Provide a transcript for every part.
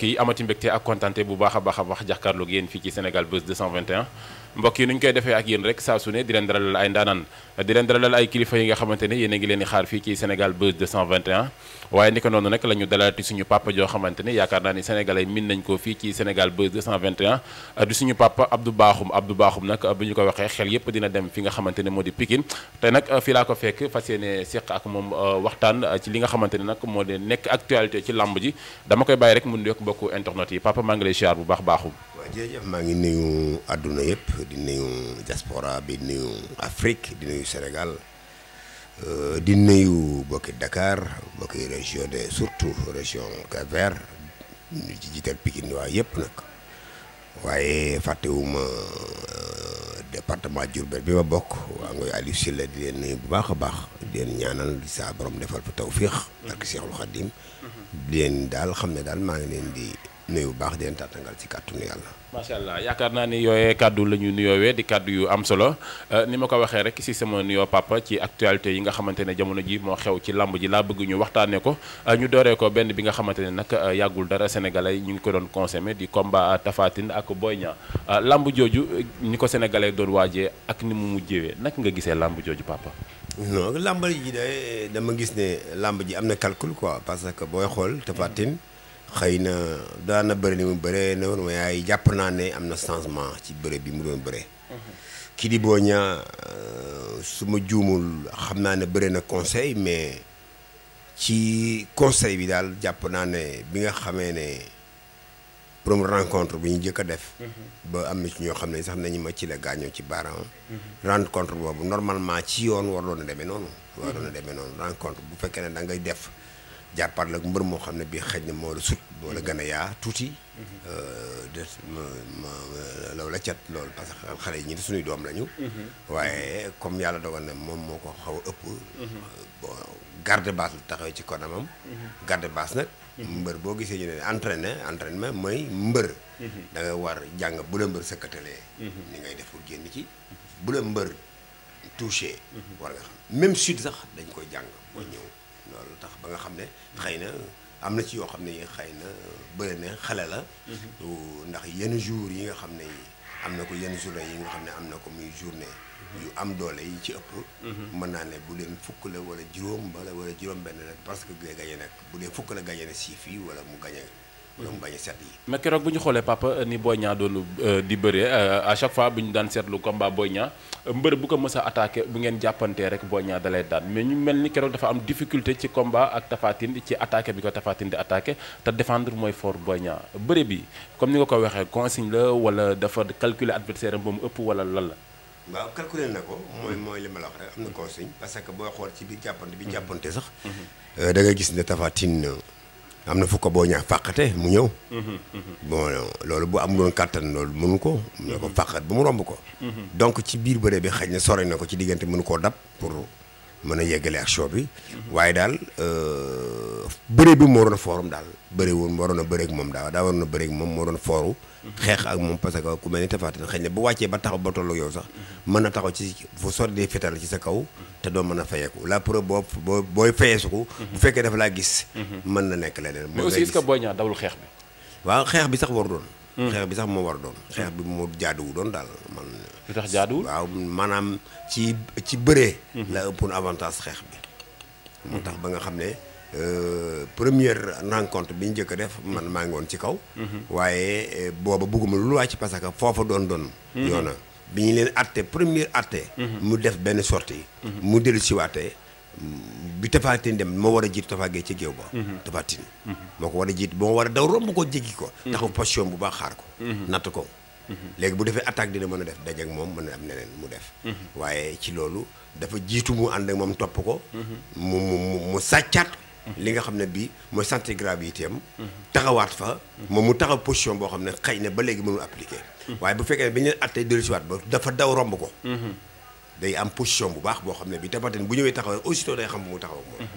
mbokk yi amati mbégte ak kontaante bu baax a baax a baax jàkkaarloog yéen fii ci Sénégal Buzz 221 mbokk yi nu ñu koy defee ak yéen rek sa su ne di leen dalal ay ndaanaan di leen dalal ay kilifa yi nga xamante ne yéen ngi leen di xaar fii ci Sénégal Buzz 221 waaye ni ko noonu nag la ñu dalalati suñu papa joo xamante ne yaakaar naa ni sénégalais min nañ ko fii ci Sénégal Buzz 221 euh, di suñu papa Abdou Bakhoum Abdou Bakhoum nag euh, bu ñu ko waxee xel yépp dina dem fi nga xamante ne moo di Pikine te nag euh, fii laa ko fekk fas yéene seq ak moom waxtaan ci li nga xamante ne nag moo di nekk actualité ci lamb ji dama koy bàyyi rek mun yokk bokk internet yi papa maa ngi lay ziar bu baax Bakhoum waaw jërëjëf maa ngi nuyu àdduna yépp di nuyu diaspora bi nuyu Afrique di nuyu Sénégal euh, di nuyu bokki Dakar bokki région de surtout région Cap-Vert ñu ci jiital Pikine waa yëpp nag waaye fàttewuma euh, departement Diourbel bi ma bokk waa ngoy Aliou Sylla di leen bu baax a baax di leen ñaanal saa borom defal fa tawfiix barke Seexul Xadiim mhm. di leen daal xam ne daal maa ngi leen di nuyu bu baax di leen tàttangal ci kàttanu yàlla. macha allah yaakaar naa ne yooyee kàddu la ñu nuyoowee di kàddu yu am solo euh, ni ma ko waxee rek si sama nuyoo papa ci actualité yi nga xamante ne jamono ji moo xew ci làmb ji laa bëgg ñu waxtaanee ko euh, ñu dooree ko benn bi nga xamante ne nag euh, yàggul dara sénégalais ñu ngi ko doon consommé di komba Tapha Tine ak Boy Niang làmb jooju ni ko sénégalais doon waajee ak ni mu mujjewee nak nga gisee làmb jooju papa. non làmb ji de dama gis ne làmb ji am na calcul quoi parce que booy xool Tapha xëy na daana bëri ni mu bëree ne ma yaay jàpp naa ne am na changement ci bëre bi mu doon bëree. kii di boo ñaa euh, su ma juumul xam naa ne bëri na conseil mais ci conseil bi daal jàpp naa ne bi nga xamee ne première rencontre bi ñu jëkk def. ba am na ci ñoo xam ne sax nañu ma ci la gaañoo ci baaraam. rencontre boobu normalement ci yoon waroon na demee noonu. waroon na demee noonu rencontre bu fekkee ne da ngay def. jàpparle ak mbër moo xam ne bii xëj ne moo la sut moo la gën a yaa tuuti. Mhm. Euh, de ma ma la cat loolu parce que xale yi ñi suñuy doom lañu. Mhm. waaye comme yàlla dogal na moom moo ko xaw a ëpp. Mhm. garde base la taxawee ci kanamam. garde base nag. mbër boo gisee ñu ne entraîné entraînement mooy mbër. da nga war jàng bu la mbër sëkkatalee. ni ngay def pour génn ci bu la mbër touché. war nga xam même sud sax dañ koy jàng boo ñëw. loolu tax ba nga xam ne xëy na am na ci yoo xam ne yi xëy na bëri na xale la mhm. ndax yenn jour yi nga xam ne am na ko yenn journée yi nga xam ne am na ko muy journée mhm. yu am doole yi ci ëpp mhm. mën naa ne bu leen fukk la wala juróom ba wala juróom benn la parce que gañe nag bu dee fukk la gañe na siif yi wala mu gañe ñoom bañ a set yi. keroog bu ñu xoolee papa euh, ni Boy Niang doon euh, di bëree euh, à chaque fois bu ñu daan seetlu combat Boy Niang mbër bu ko mës a bu ngeen jàppantee rek Boy Niang dalay daan mais ñu mel ni keroog dafa am difficulté ci komba ak Tapha Tine ci attaqué bi ko Tapha Tine di attaqué te défendre mooy fort Boy Niang bëre bi comme ni nga ko waxee consigne la wala dafa calculer adversaire am ba mu ëpp wala lan la. waaw calculé na ko mooy mooy li ma la wax rek am na consigne parce que boo xool ci biir jàppante bi sax. Mhm. da gis ne Tapha Tine am na fu ko boo ñaax fàqate mu ñëw. Mhm, mhm. bon loolu bu am doon kàttan loolu mënu ko. mënu ko mhm. fàqat ba mu romb ko. donc ci biir bëre bi xëy na sore na ko ci diggante mënu koo dab pour mën a yeggale action bi. waaye daal euh, bëre bi mu waroon a foorum daal bëre woon mu waroon a bëreeg moom daaw daa waroon a bëreeg moom moo doon fooru. xeex ak moom parce que ku mel ni Tapha Tine xëy na bu wàccee ba taxaw ba tollu yow sax mën na taxaw ci fu sori dee ci sa kaw te doo mën a fayeeku la preuve boo booy fayeesuku bu fekkee dafa laa gis mën na nekk leneen mais aussi est-ce que Boy xeex bi waaw xeex bi sax war doon hmm. xeex bi sax moo war doon xeex bi moo jaaduwu doon daal man lu tax jaaduwul waaw maanaam ci ci bëree hmm. la ëppoon avantage xeex bi moo tax ba nga xam ne Euh, première rencontre bi ñu njëkk a def man maa ngi woon ci kaw. Mhm. waaye euh, booba bugguma lu wàcc parce que foofa doon doon. Mhm. yoona bi ñu leen atte première atte. Mhm. mu def benn sortie mu dellu siwaatee bi tafaatin dem moo war a jiit ci géew ba tafaatin moo war a jiit daw romb ko jéggi ko taxaw position bu baax xaar ko natt ko léegi bu defee attaque dina mën a def daje moom mën a am neneen mu def waaye ci loolu dafa jiitu mu ànd ak moom topp ko mu mu mu sàccaat li nga xam ne bi mooy santé gravité am. taxawaat fa. moom mu taxaw position boo xam ne xëy na ba léegi mënul appliqué. waaye bu fekkee ne bi ñu leen attee dellusiwaat ba dafa daw romb ko. day am position bu baax boo xam ne bi tabaten bu ñëwee taxawee aussitôt day xam bu mu taxaw moom.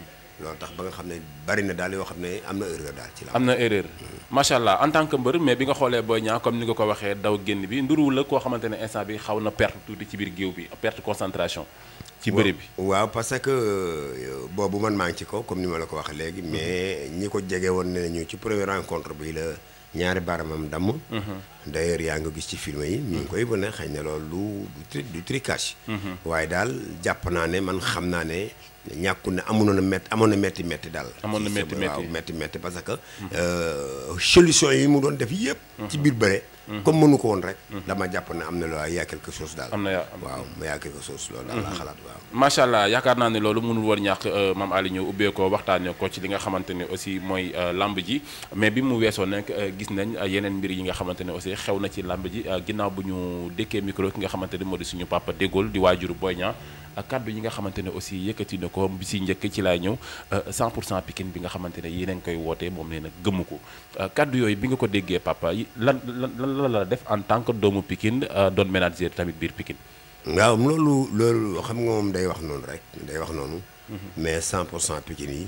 loolu tax ba nga xam ne bari na daal yoo xam ne am na erreur daal ci la. am na erreur macha allah en tant que mbër mais bi nga xoolee Boy Niang comme ni nga ko bi nduruwul na perte tuuti ci biir géew bi ci bëri bi waaw parce que euh, boobu man maa ngi ci kaw comme ni ma la ko wax léegi mhm. mais ñi ko jege woon ne ñu ci première rencontre bi la ñaari baramam damm mhm. d'ailleurs yaa nga gis ci film yi ñu ngi mhm. koy wane xëy na loolu du du tricage waaye daal jàpp naa ne man xam naa ne ñàkku ne amoon na métti amoon na métti métti daal amoon na métti métti métti métti parce que euh, solution yi mu doon def yëpp ci biir bëre comme mënu ko woon rek. dama jàpp ne am na yaa quelque am na yaa waaw yaa loolu daal laa mhm. xalaat waaw. macha allah yaakaar naa ne loolu mënul woon ñàkk euh, maam Aliou ñëw ubbee ko waxtaanee ko ci li nga xamante ne aussi mooy euh, lamb ji mais bi mu weesoo nag euh, gis nañ yeneen mbir yi nga xamante ne aussi xew na ci lamb ji ginnaaw bu ñu dëkkee micro ki nga xamante ne moo di suñu papa Dégol di waajuru Boy Niang yi nga xamante ne aussi yëkkati na ko bi si njëkk ci laay ñëw 100 pour cent Pikine bi nga xamante ne yéen a ngi koy wootee moom nee na gëmu ko kaddu yooyu bi nga ko déggee papa lan la la def en tant que doomu pikin euh, doon ménager tamit biir Pikine. waaw loolu loolu xam nga moom day wax noonu rek day wax noonu. Mhm. mais 100 pour cent Pikine yi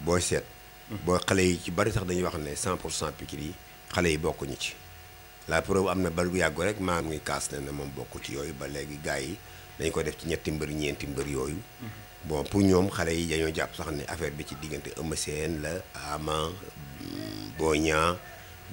boo seet. Mhm. boo xale yi ci bari sax dañuy wax ne 100 pour cent Pikine yi xale yi bokkuñu ci. la preuve am na bal yàggu rek maa ngi kaas ne ne moom bokku ci yooyu ba léegi gars yi dañ ko def ci ñetti mbër ñeenti mbër yooyu. Mhm. bon pour ñoom xale yi dañoo jàpp sax ne affaire bi ci diggante Eumeu la aman boo Niang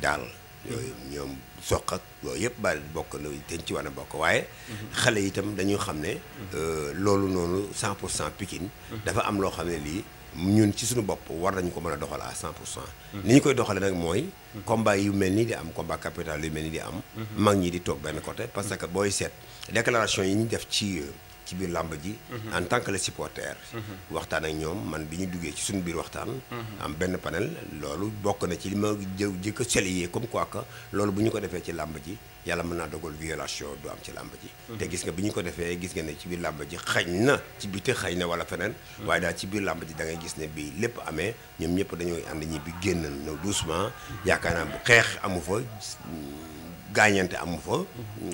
daal. yooyu ñoom soq ak yooyu yëpp bari bokk na dañ ci war a bokk waaye. xale yi itam dañu xam ne. Euh, loolu noonu 100 pour cent Pikine. dafa am loo xam ne lii ñun ci suñu bopp war nañu ko mën a doxal à pour cent. ni ñu koy doxale nag mooy. combat yu mel nii di am combat capital yu mel nii di am. Mhm. mag ñi di toog benn côté parce que booy seet déclaration yi ñu def ci. Euh, ci biir làmb ji. Mhm. en tant que le supporter. Mhm. waxtaan ak ñoom man bi ñu duggee ci suñu biir waxtaan. Mhm. am benn panel loolu bokk na ci li ma jë jëkk seliyee comme quoi que loolu bu ñu ko defee ci làmb ji yàlla mën naa dogal violation du am ci làmb ji. te gis nga bi ñu ko defee gis nga ne ci biir làmb ji xañ na ci biti xañ na wala feneen. waaye daal ci biir làmb ji dangay gis ne bii lépp amee ñoom ñëpp dañooy ànd ñi bi génn ñëw doucement yaakaar naa bu xeex amu fa. gaañante amu fa.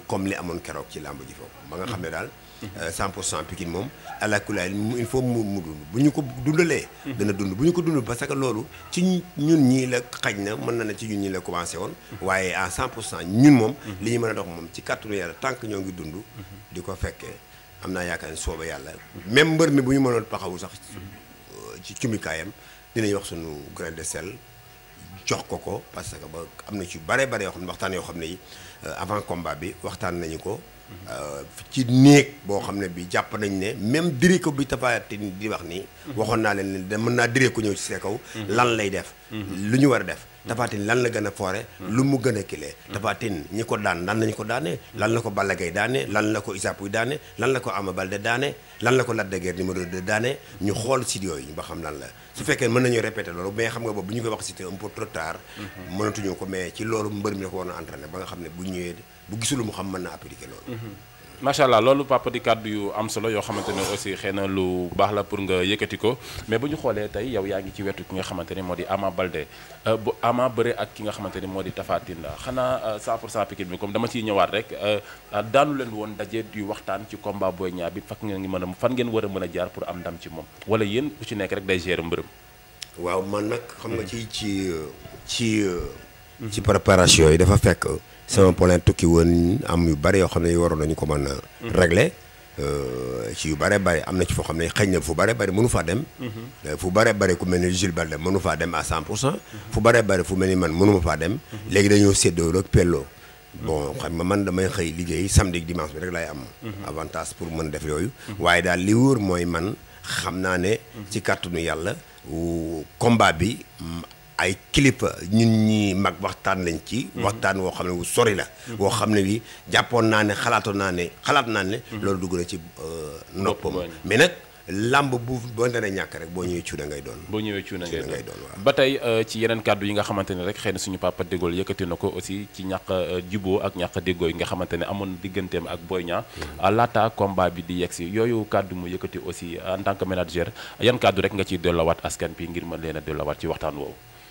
comme li amoon keroog ci làmb ji foofu. ba nga xam ne daal. 100 euh, pour cent Pikine moom àlakulaay il faut mu mu bu ñu ko dundalee dana dund bu ñu ko dund parce que loolu ci ñun ñii la xaj na mën na na ci ñun ñii la commencé woon waaye en 100 pour cent ñun moom li ñu mën a dox moom ci kàttanu yàlla tànk ñoo ngi dund di ko fekkee am naa yaakaar ne sooba yàlla même mbër mi bu ñu mënoon taxawu sax ci euh, cumikaayam dinañ wax suñu grain de jox ko ko parce que ba am na ci bare bare yoo xam ne waxtaan yoo xam ne yi euh, avant combat bi waxtaan nañu ko Euh, ci néeg boo xam ne bi jàpp nañ ne même diri ko bi tafaati di wax nii waxoon naa leen ne mën naa diree ko ñëw ci see kaw lan lay def mhm. lu ñu war a def mhm. tafatin lan la gën a foore mhm. lu mu gën a kile tafatin ñu ko daan lan lañu ko daanee lan la ko Balla Gaye lan la ko Issa Pouye lan la ko Ama Baldé daanee lan la ko Lac de Guiers numéro 2 daanee ñu xool si yooyu ba xam lan la su fekkee mën nañu répété loolu mais xam nga boobu bu ñu koy wax c'était un peu trop ko mais ci loolu mbër mi ko war ba nga xam ne bu ñëwee bu gisul mu xam mën na appliquer loolu. Mhm. macha allah loolu papa di kàddu yu am solo yoo xamante ne aussi xëy na lu baax la pour nga yëkkati ko mais bu ñu xoolee tey yow yaa ngi ci wetu ki nga xamante ne moo di Ama balde euh, bu Ama bëre ak ki nga xamante ne moo di Tapha Tine la xanaa 100 euh, pour 100 Pikine bi comme dama ciy ñëwaat rek euh, daanu leen woon daje di waxtaan ci combat Boy Niang bi fak ngeen ngi mën a fan ngeen war a mën a jaar pour am ndam ci moom wala yéen ku ci nekk rek day gérer mbërëm. waaw man nag. xam nga mm. ci ci ci. ci préparation yi dafa fekk. sama problème tukki woon am yu bëri yoo xam ne waroon nañu ko mën a mhm. régler euh, ci yu bare bëri am na ci foo xam ne xëy na fu bare bëri mënu faa dem mhm. euh, fu bare bëri ku mel ni Jules Baldé mënu faa dem à cent pour cent mhm. fu bare fu mel ni man mënuma faa dem léegi dañoo séddoo rek pelloo bon xam ma man damay xëy liggéey samedi dimanche bi rek laay am avantage pour man def yooyu waaye daal li wóor mooy man xam naa ne ci kàttanu yàlla combat bi ay kilipa ñun ñi mag waxtaan lañ ci. Mhm. waxtaan woo xam ne wu sori la. Mhm. woo xam ne wi jàppoon naa ne xalaatoon naa ne xalaat naa ne. Mhm. loolu dugg na ci euh, noppam mais nag. làmb bu boo nee ñàkk rek boo ñëwee cuuna ngay doon. boo ñëwee cuuna ngay doon ba tey euh, ci yeneen kàddu yi nga xamante ne rek xëy na suñu papa dégool yëkkati na ko aussi ci ñàkk euh, juboo ak ñàkk déggoo yi nga xamante ne amoon digganteem ak Boy Niang laata combat bi di yegsi yooyu kàddu mu yëkkati aussi en tant que yan kàddu rek ciy delluwaat askan bi ngir mën leen a delluwaat ci waxtaan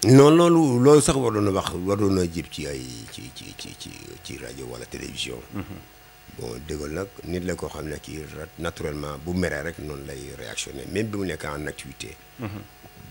non loolu loolu sax waroon na wax waroon na jib ci ay ci ci ci ci ci rajo wala télévision. Mhm. boo dëggal nag nit la koo xam ne kii naturellement bu meree rek noonu lay réactionné même bi mu nekk en activité. Mhm.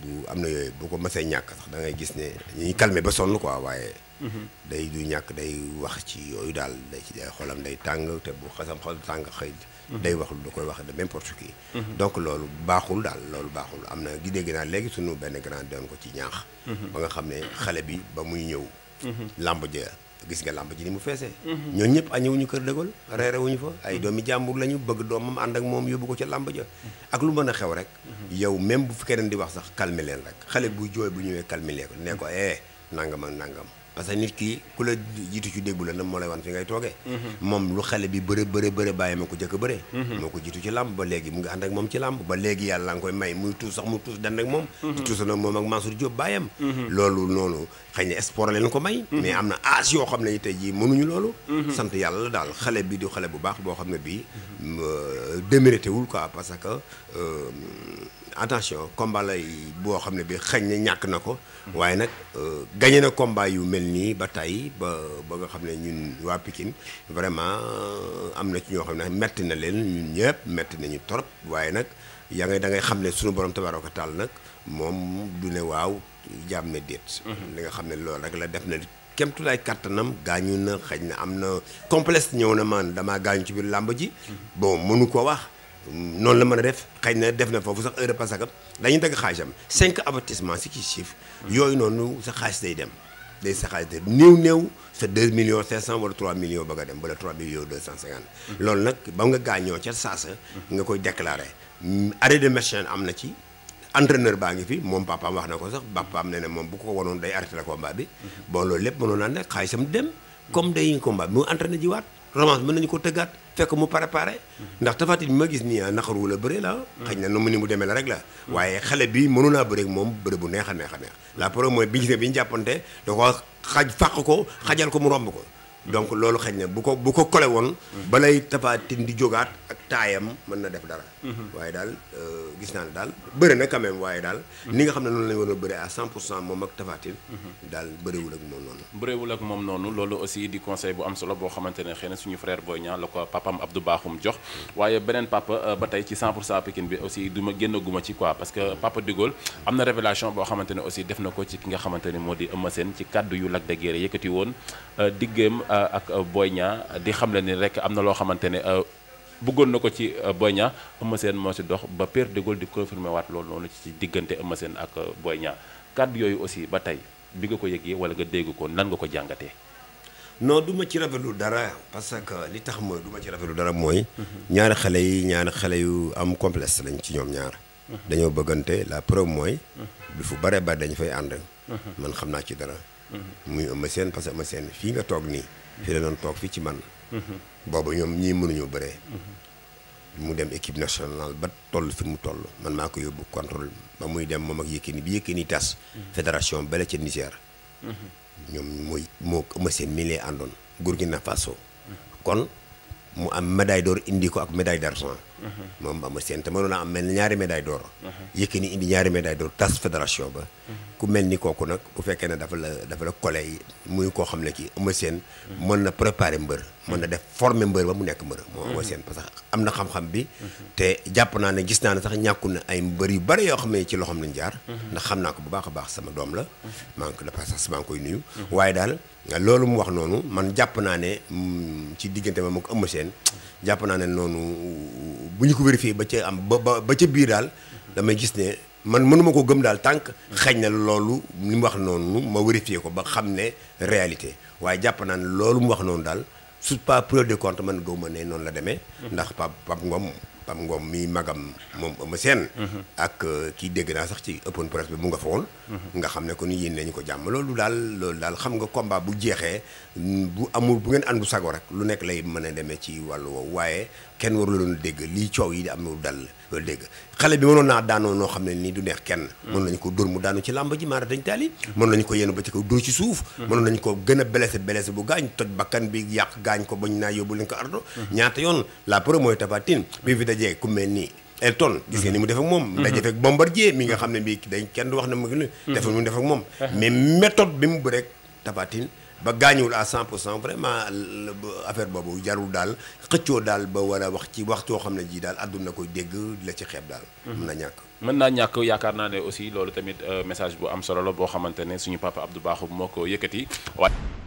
bu am na yooyu bu ko mësee ñàkk sax da ngay gis ne ñuy calmer ba sonn quoi waaye. Mhm. day du ñàkk day wax ci yooyu daal day ci day xolam day tàng te bu xasam xol tàng xëy day wax lu koy wax de n'importe qui mhm. donc loolu baaxul daal loolu baaxul am na gi dégg naa léegi sunu benn grand doon ko ci ñaax mhm. ba nga xam ne xale bi ba muy ñëw mhm. làmb ja gis nga làmb ji ni mu feesee ñooñu ñëpp ñëwuñu kër dëgal reere wuñu fa ay doomi jàmbur lañu bëgg doomam ànd ak moom yóbbu ko ca làmb ja ak lu mën a xew rek yow même bu fi keneen di wax sax calmer leen rek xale buy jooy bu ñëwee calmer ko ne ko eh nangam ak nangam parce que nit ki ku la jiitu ci déggu la nam moo lay wan fi ngay toogee mhm. moom lu xale bi bëre bëre bëre bàyyi ma ko jëkk bëre mhm. moo ko jiitu ci làmb ba léegi mu ngi ànd ak ba léegi yàlla nga koy may muy tuus sax mu tuus dand ak moom mhm. di tuusa nag moom ak Mansour Diop bàyyam ko may mais am na âge yoo xam ne tey jii mënuñu loolu sant yàlla daal xale bi di xale bu baax boo xam ne bii euh, démérité wul quoi parce que euh, attention combat lay boo xam ne bi xañ na ñàkk na ko. waaye nag euh, gagné na combat yu mel nii ba tey ba ba nga xam ne ñun waa Pikine vraiment euh, am na ci ñoo xam ne metti na leen ñun ñëpp metti nañu trop waaye nag yaa nga da ngay xam ne sunu borom tabaaraka taal nag moom du ne waaw jaam ne déet. Mhm. li nga xam ne loolu rek la def na. kem tulaay kàttanam gaañu na xëy na am na complexe ñëw na man damaa gaañu ci biir làmb ji mhm. bon mënu ko wax. noonu la mën a def xëy na def na foofu sax heure parce que dañuy xaaj xaalisam cinq avertissement si kii chiffre yooyu noonu sa xaalis day dem day sa xaalis day néew néew sa deux millions cinq trois millions ba nga dem wala trois millions lool cent cinquante loolu nag ba nga gaañoo ca saasa nga koy déclaré arrêt de machine am na ci entraîneur baa ngi fi moom papaam wax na ko sax papaam ne ne moom bu ko wanoon day arrêté la combat bi bon loolu lépp mënoon naa nekk xaalisam dem comme day combat mu entraîné ji waat romance mën nañu ko tëggaat fekk mu préparé ndax Tapha Tine bi ma gis nii ah naqar wu la bëre la ah. xëy na nu mu ni mu demee la rek la waaye xale bi mënu naa ak moom bëre bu neex a neex a neex la preuve mooy bi ñu bi ñu jàppante da ko xaj fàq ko xajal ko mu romb ko donc loolu xañ ne bu ko bu ko kole woon balay tafaatin di jógaat ak taayam mën na def dara waaye daal euh, gis naa ne daal bëri na quand waaye daal ni nga xam ne noonu lañ waroon a bëri à cent moom ak tafaatin daal bëriwul ak moom noonu bëriwul moom noonu loolu aussi di conseil bu am solo boo xamante ne xëy na suñu frère Boy Niang la ko papam Abdou Bakhoum jox waaye beneen papa euh, ba tey ci cent pour bi aussi duma ma génnaguma ci quoi parce que papa Digol am na révélation boo xamante ne aussi def na ko ci ki nga xamante ne moo di Eumeu Sène ci kaddu yu Lac de Guiers yëkkati woon euh, diggéem Euh, ak euh, Boy Niang di xam le ni rek am na loo xamante ne euh, bëggoon na ko ci Boy Niang Eumeu Sène moo si dox ba Père de di confirmer waat loolu noonu ci diggante Eumeu Sène ak Boy Niang kàddu yooyu aussi ba tey bi nga ko yëgee wala nga dégg ko nan ko jàngatee. non du ci rafetlu dara parce que li tax mooy du ci rafetlu dara mooy. ñaari xale yi ñaari xale yu am complexe lañ ci ñoom ñaar. dañoo bëggante la preuve mooy. du fu bare bare dañ fay ànd. man xam naa ci dara. muy Eumeu seen parce que seen Sène fii nga toog nii. fi la doon toog fii ci man mhm. boobu ñoom ñii mënuñu bëree mhm. mu dem équipe nationale ba toll fi mu toll man maa ko yóbbu contrôle ba muy dem moom ak Yékini bi Yékini tas mhm. fédération bale ca Niger ñoom mooy moo ëma seen mi lee àndoon Burkina Faso kon mu am médaille d'or indi ko ak médaille d'argent moom ama seen te mënoon a am mel ñaari médaille d'or Yékini indi ñaari médaille d'or tas fédération ba ku mel ni kooku nag bu fekkee ne dafa la dafa la collé muy koo xam ne kii Eumeu Sène mën na préparer mbër mën na def former mbër ba mu nekk mbër moom Eumeu Sène parce que am na xam-xam bi mhm. te jàpp naa ne gis naa ne sax ñàkku na ay mbër yu bari yoo xam ne ci loxoom lañ jaar mhm. ndax xam naa ko bu baax a baax sama doom la mhm. maa ngi ko de passage maa ngi koy nuyu waaye daal loolu mu wax noonu man jàpp naa ne mm, ci diggante ma ko Eumeu Sène jàpp naa ne noonu bu ñu ko vérifié ba ca am ba ba ca biir daal damay gis ne man mënuma ko gëm daal tànk xëy na loolu li mu wax noonu ma vérifié ko ba xam ne réalité waaye jàpp naa ne loolu mu wax noonu daal su pas preuve de compte man gëw ma ne noonu la demee. ndax Pape Pape ngoom Pape ngoom mii magam moom seen Sène. ak euh, kii dégg naa sax ci open press bi mu nga fa woon. nga xam ne ko ni yéen nañu ko jàmm loolu daal loolu daal xam nga combat bu jeexee bu amul bu ngeen bu sago rek lu nekk lay mën a demee ci wàllu woowu waaye kenn waru loonu dégg lii coow yi di am lu dal la dégg xale bi mënoon naa daanoo noo xam ne nii du neex kenn mm. mën nañu ko dóor mu daanu ci làmb ji maara dañ taal yi mm. mën ko yenu ba ci kaw dóor suuf mm. mën nañu ko gën a blessé blessé bu gaañ toj bakkan bi yàq gaañ ko bañ naa yóbbu leen ko ardo ñaata yoon la preuve mooy tapatin bi fi dajee ku mel nii Elton gis nga ni mu def ak moom daje fekk bombardier mi nga xam ne bii dañ kenn du wax ne mu def ak moom mais méthode bi mu bërek tapatin ba gaañuwul à 100 pour cent vraiment affaire boobu jarul daal xëccoo daal ba war a wax ci waxtoo xam ne jii daal àdduna koy dégg la ci xeeb daal. Mhm. mën na ñàkk. mën naa ñàkk yaakaar naa ne aussi loolu tamit euh, message bu am solo la boo xamante ne suñu papa Abdou Bakhoum moo ko yëkkati waaye.